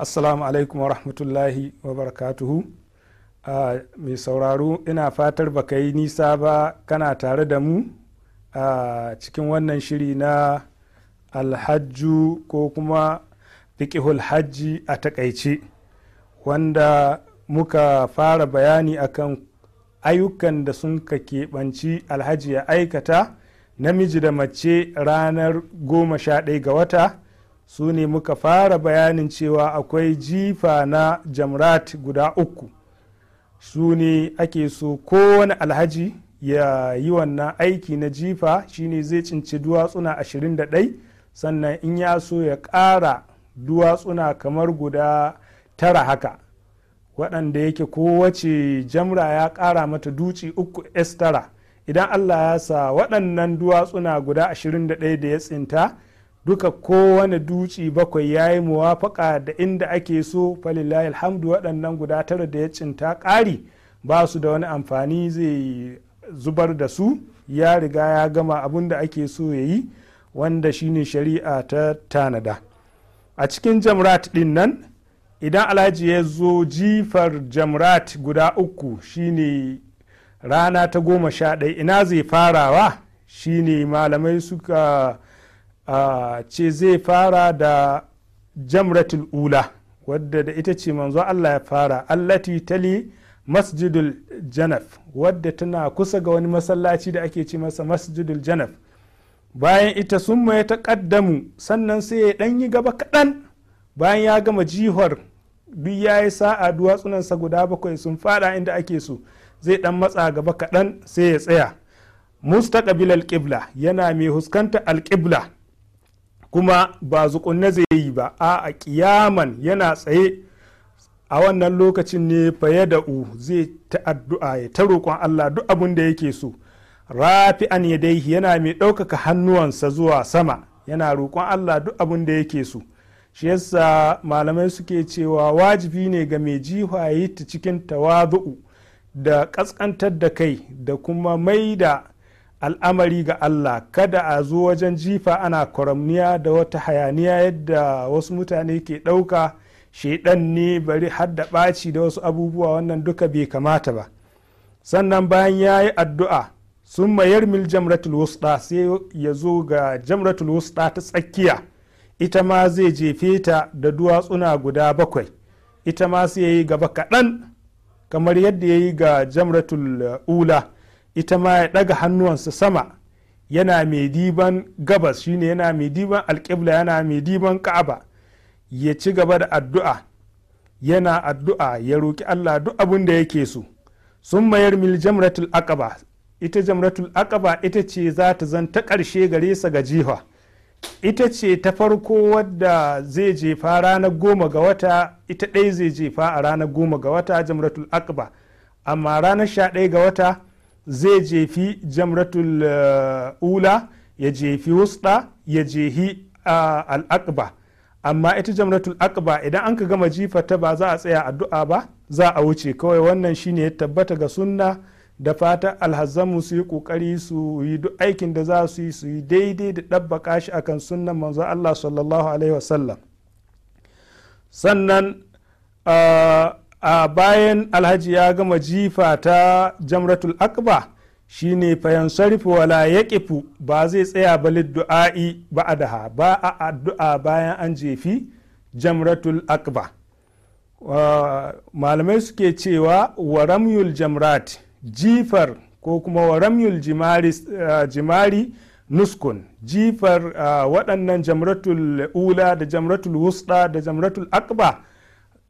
assalamu alaikum wa rahmatullahi wa barakatuhu mai sauraro ina fatar baka yi nisa ba kana tare da mu a cikin wannan shiri na alhajju ko kuma fiƙihul hajji a takaice wanda muka fara bayani akan ayyukan da sun ka keɓanci alhaji ya aikata namiji da mace ranar goma sha ɗaya ga wata su ne muka fara bayanin cewa akwai jifa na jamrat guda uku su ne ake so kowane alhaji ya yi wannan aiki na jifa shine zai cinci duwatsuna 21 sannan in ya so ya ƙara duwatsuna kamar guda tara haka waɗanda yake kowace jamra ya ƙara mata duci uku s idan allah ya sa waɗannan duwatsuna guda 21 da ya tsinta duka kowane duci bakwai ya yi muwafaka da inda ake so falillahi alhamdu waɗannan guda tara da ya cinta ƙari ba su da wani amfani zai zubar da su ya riga ya gama abin da ake so ya yi wanda shine shari'a ta tanada a cikin jamrat ɗin nan idan alhaji ya zo jifar jamrat guda uku shine rana ta goma sha ɗaya ina zai farawa shine malamai suka ce zai fara da jamratul ula wadda da ita ce manzo Allah ya fara allati tali masjidul janaf wadda tana kusa ga wani masallaci da ake ce masa masjidul janaf bayan ita sun ya taƙaddamu sannan sai ya ɗan yi gaba kaɗan bayan ya gama jihar duk ya yi sa'a duwatsunansa guda bakwai sun fada inda ake so zai ɗan matsa gaba kaɗan sai ya tsaya mustaqbilal ƙibla yana mai huskanta alƙibla kuma ba zukunne zai yi ba a ƙiyaman yana tsaye a wannan lokacin ne faye da u zai ta'addu'a ya ta roƙon Allah duk abin da yake so rafi an dai yana mai ɗaukaka hannuwansa zuwa sama yana roƙon Allah duk abin da yake so shi yasa malamai suke cewa wajibi ne ga mai jihaye ta cikin tawazu'u da ƙasƙantar da kai da kuma mai da al'amari ga allah kada a zo wajen jifa ana kwaramniya da wata hayaniya yadda wasu mutane ke ɗauka shaidan ne bari har da ɓaci da wasu abubuwa wannan duka bai kamata ba sannan bayan ya yi addu'a sun mayar mil jamratul wusta sai ya zo ga jamratul wusta ta tsakiya ita ma zai jefe ta da duwatsuna guda bakwai ita ma sai ya yi gaba kaɗan kamar yadda ya yi ga jamratul ula ita ma ya ɗaga hannuwansa sama yana mai diban gabas shine yana mai diban alƙibla yana mai diban ka'aba ya ci gaba da addu'a yana addu'a ya roƙi allah duk abin da yake so sun mayar mil jamratul aqaba ita jamratul aqaba ita ce za ta zan ta ƙarshe gare sa ga jiha ita ce ta farko wadda zai jefa ranar goma ga wata ita ɗaya zai jefa a ranar goma ga wata jamratul aqaba amma ranar sha ɗaya ga wata zai jefi jamratul eh, ula ya jefi wusta ya jehi eh, al'aqba amma ita jamratul aqba idan an ka gama jifa ta ba za a tsaya addu'a ba za a wuce kawai wannan shine ya tabbata ga sunna da fata alhazzamu su yi kokari su yi duk aikin da za su yi su yi daidai da dabbaka shi akan sunnan manzo Allah sallallahu alaihi wasallam sannan eh, a bayan alhaji ya gama jifa ta jamratul akba shine fayan sarifu wala ya ba zai tsaya ba du'a'i ba adaha ba a addu'a bayan an jefi jamratul akba malamai suke cewa wa ramyul jamrat jifar ko kuma wa ramyul jimari eh, nuskun jifar eh, waɗannan jamratul ula da jamratul wusta da jamratul akba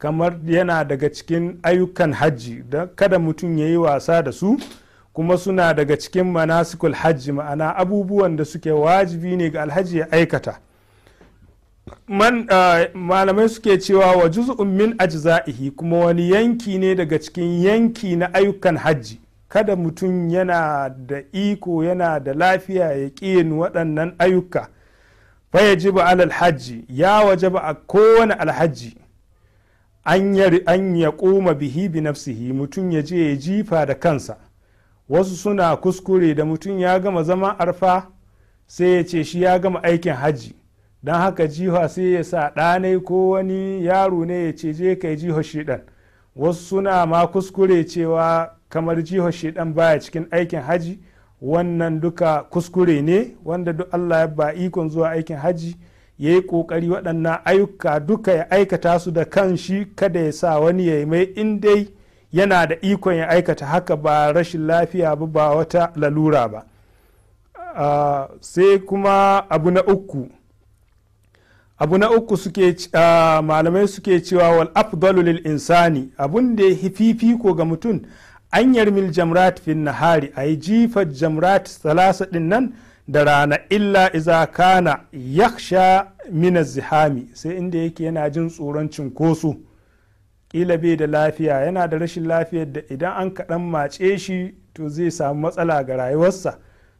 kamar yana daga cikin ayyukan hajji da kada mutum ya yi wasa da su kuma suna daga cikin manasikul hajji ma'ana abubuwan da suke wajibi ne ga alhaji ya aikata malamai suke cewa wa juz'un min ajza'ihi kuma wani yanki ne daga cikin yanki na ayyukan hajji kada mutum yana da iko yana da lafiya ya ƙin waɗannan ayyuka fa ji ba hajji ya waje ba a kowane alhaji an ya koma bihi bi nafsihi mutum ya je ya jifa da kansa wasu suna kuskure da mutum ya gama zama arfa sai ya ce shi ya gama aikin hajji don haka jiha sai ya sa ɗanai ko wani yaro ne ya ce je kai jihar shiɗan wasu suna ma kuskure cewa kamar jihar shiɗan baya cikin aikin hajji wannan duka kuskure ne wanda duk allah ya ba ikon zuwa aikin hajji ya yi ƙoƙari waɗannan ayyuka duka ya aikata su da kan shi kada ya sa wani ya yi mai in dai yana da ikon ya aikata haka ba rashin lafiya ba ba wata lalura ba ah, sai kuma abu na uku abu na uku suke ah, malamai suke cewa wal afdalu lil insani abun da ya ko ga mutum anyar yarmil jamrat fin nahari a yi jifar jamrat salasa din nan da rana illa iza kana yaksha minaz zihami sai inda yake yana jin tsoron cinkoso kila bai da lafiya yana da rashin lafiyar da idan an kaɗan mace shi to zai samu matsala ga rayuwarsa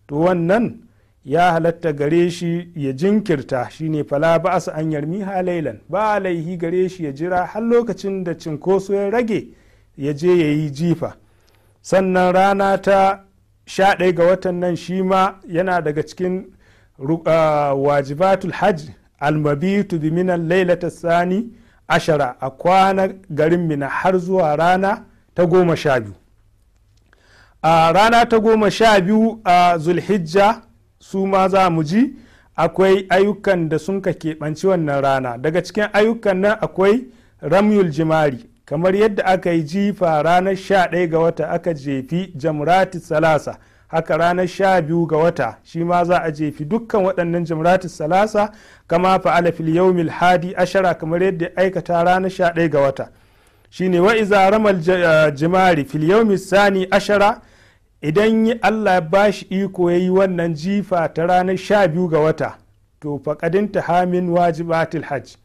to wannan ya halatta gare shi ya jinkirta shine fala ba su an yarmi halailan ba laihi gare shi ya jira har lokacin da cinkoso ya rage ya je ya yi jifa sannan rana ta sha ɗaya ga watan nan shi ma yana daga cikin ah, wajibatul hajj almabitu bi minan lailata sani ashara a kwana garin mina har zuwa rana ta goma sha biyu a rana ta goma sha biyu a zulhijja su ma za mu ji akwai ayyukan da sun ka keɓanci wannan rana daga cikin ayyukan nan akwai ramyul jimari kamar yadda aka yi jifa ranar sha ga wata aka jefi jamrati salasa haka ranar sha biyu ga wata shi ma za a jefi dukkan waɗannan jamrati salasa kama fa'ala fil hadi ashara kamar yadda aikata ranar sha ga wata shine wa iza ramal eh, jimari fil sani ashara idan yi Allah ya shi iko ya yi wannan jifa ta ranar sha biyu ga wata to faqadin hamin wajibatil hajj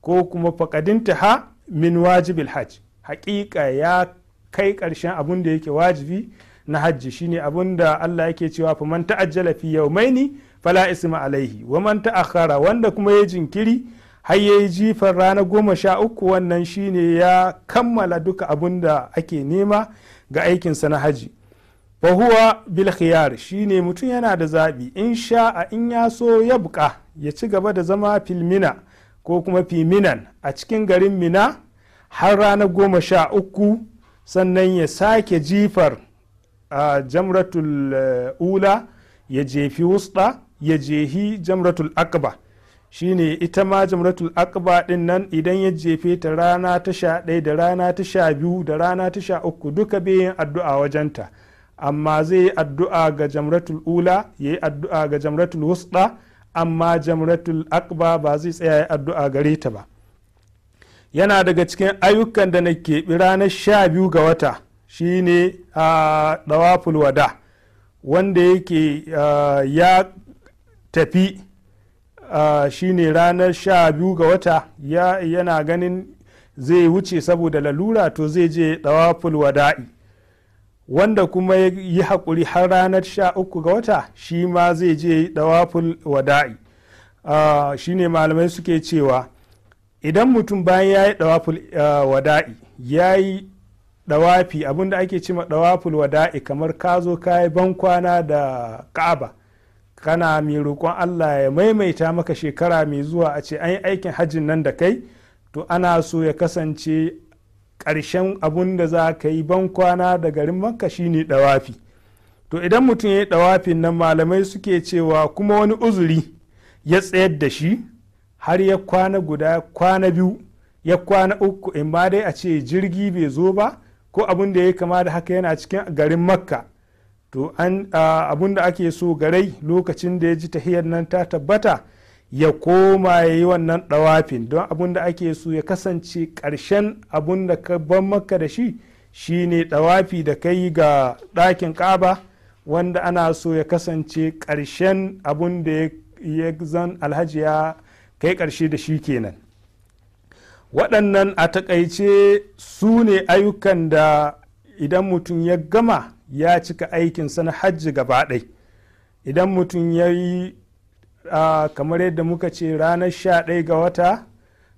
ko kuma faƙadinta ha min wajibil hajj haƙiƙa ya kai ƙarshen abun da yake wajibi na hajji shine abun da Allah yake cewa fa man ta'ajjala fi yawmaini fala isma alaihi wa man ta'akhara wanda kuma ya jinkiri har yayi jifan rana goma sha uku wannan shine ya kammala duka abun da ake nema ga aikinsa na hajji fa huwa bil khiyar shine mutum yana da zabi in in ya so ya buka ya ci gaba da zama filmina ko kuma fiminan a cikin garin mina har ranar goma sha uku sannan ya sake jifar a jamratul eh, ula ya jefi wusta ya jehi jamratul akaba shine ita ma jamratul akaba din nan idan ya jefe ta rana ta sha ɗaya da rana ta sha biyu da rana ta sha uku duka yin addu'a wajenta amma zai yi addu'a ga jamratul ula ya yi addu'a ga jamratul wusta amma jamratul akba ba zai tsaya ya addu'a gare ta ba yana daga cikin ayyukan da na keɓi ranar sha biyu ga wata shine a dawaful wada wanda yake ya tafi shine ranar sha biyu ga wata yana ganin zai wuce saboda lalura to zai je dawaful wada'i wanda kuma ya yi haƙuri har ranar sha uku ga wata shi ma zai je dawaful wada'i ah, shi ne malamai suke cewa idan mutum bayan ya yi dawaful ah, wada'i ya yi dawafi abinda ake cima dawaful wada'i kamar ka zo ka yi kwana da ka'aba kana mai roƙon allah ya maimaita maka shekara mai zuwa a ce an yi aikin hajjin nan da kai to ana so ya kasance ƙarshen abun da za ka yi ban kwana da garin makka shine ɗawafi to idan mutum ya yi ɗawafin nan malamai suke cewa kuma wani uzuri ya tsayar da shi har ya kwana guda kwana biyu ya kwana uku in ma dai a ce jirgi bai zo ba ko abin da ya kama da haka yana cikin garin makka to abin da ake so garai lokacin da ya ji tahiyar nan ta tabbata ya koma ya yi wannan dawafin don abun da ake so ya kasance ƙarshen abun da ka ban maka da shi shine dawafi da ka yi ga ɗakin ƙaba wanda ana so ya kasance ƙarshen abun da ya zan alhaji ya kai ƙarshe da shi kenan waɗannan a taƙaice su ne ayyukan da idan mutum ya gama ya cika aikin sana hajji gaba ɗai idan mutum ya yi kamar yadda muka ce ranar sha ɗaya ga wata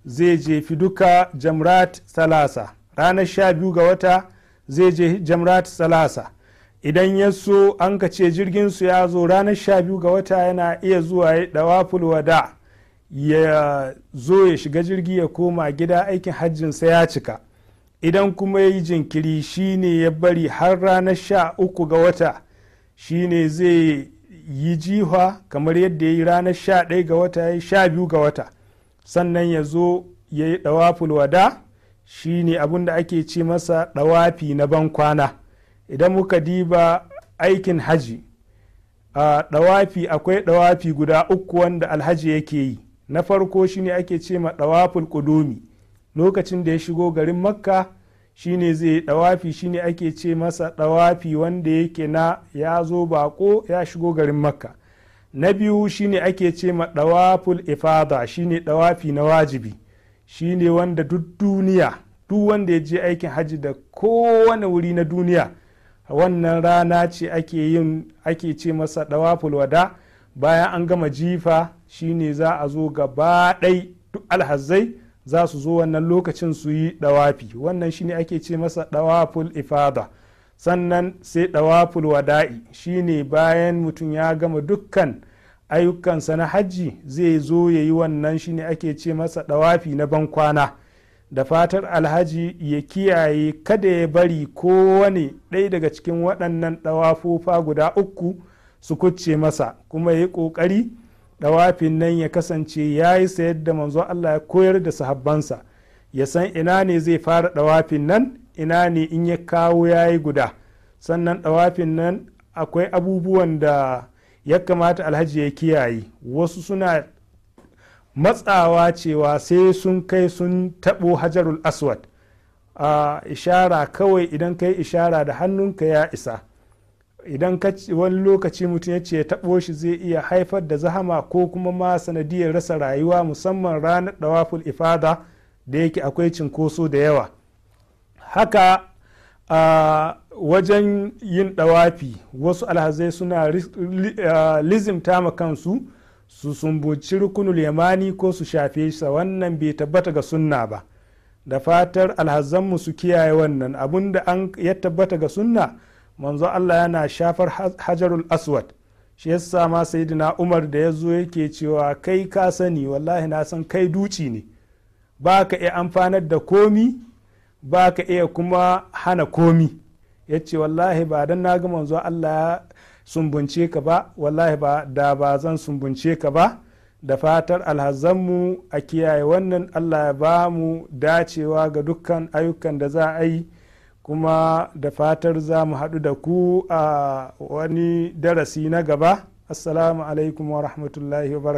zai jefi duka jamrat salasa ranar sha biyu ga wata zai je jamrat salasa idan ya so an ka ce su ya zo ranar sha biyu ga wata yana iya zuwa ya dawaful wada ya zo ya shiga jirgi ya koma gida aikin hajjin hajjinsa ya cika idan kuma ya yi jinkiri shine ya bari har ranar sha uku ga wata shine zai yi jiha kamar yadda ya yi ranar sha ɗaya ga wata ya sha biyu ga wata sannan ya zo ya yi ɗawaful wada shi ne abin da ake ce masa ɗawafi na ban kwana idan muka diba aikin haji a ɗawafi akwai ɗawafi guda uku wanda alhaji yake yi na farko shi ne ake ce ma ɗawaful ƙudumi lokacin da ya shigo garin makka shine zai dawafi shine ake ce masa dawafi wanda yake na ya zo bako ya shigo garin makka na biyu shine ake ce ma dawaful ifada shine dawafi na wajibi shine wanda duk duniya duk wanda ya je aikin hajji da kowane wuri na duniya wannan rana ce ake yin ake ce masa dawaful wada bayan an gama jifa shine za a zo gaba ɗai duk alhazai za su zo wannan lokacin su yi dawafi wannan shi shine ake ce masa dawaful ifada sannan sai dawaful wada'i ne bayan mutum ya gama dukkan ayyukansa na hajji zai zo ya yi wannan shi shine ake ce masa dawafi na bankwana da fatar alhaji ya kiyaye kada ya bari kowane ɗaya daga cikin waɗannan dawafofa guda uku su kuce masa kuma ya yi ƙoƙari ɗawafin nan ya kasance ya yi sayar da manzo Allah ya koyar da sahabbansa ya san ina ne zai fara ɗawafin nan ina ne in ya kawo ya yi guda sannan ɗawafin nan akwai abubuwan da ya kamata alhaji ya kiyaye wasu suna matsawa cewa sai sun kai sun taɓo hajarul aswad a ah, ishara kawai idan kai ishara da hannunka ya isa idan wani lokaci mutum ya ce ya taɓo shi zai iya haifar da zahama ko kuma ma sanadiyar rasa rayuwa musamman ranar dawaful ifada da yake akwai cinkoso da yawa haka a wajen yin ɗawafi wasu alhazai suna lizimta ma kansu su sumbuci rukunul yamani ko su shafe sa wannan bai tabbata ga sunna ba da fatar alhazanmu su kiyaye wannan abun da an ya tabbata ga sunna manzo Allah yana shafar hajarul aswad shi yasa ma sayyidina Umar da yazo yake cewa kai ka sani wallahi na san kai duci ne baka iya amfanar da komi baka iya kuma hana komi yace ce wallahi ba don na ga manzo Allah ya sumbunce ka ba wallahi ba da ba zan sumbunce ka ba da fatar alhazanmu a kiyaye wannan Allah ya ba mu dacewa ga dukkan ayyukan da za a yi kuma da fatar za mu haɗu da ku a wani darasi na gaba assalamu alaikum wa rahmatullahi wa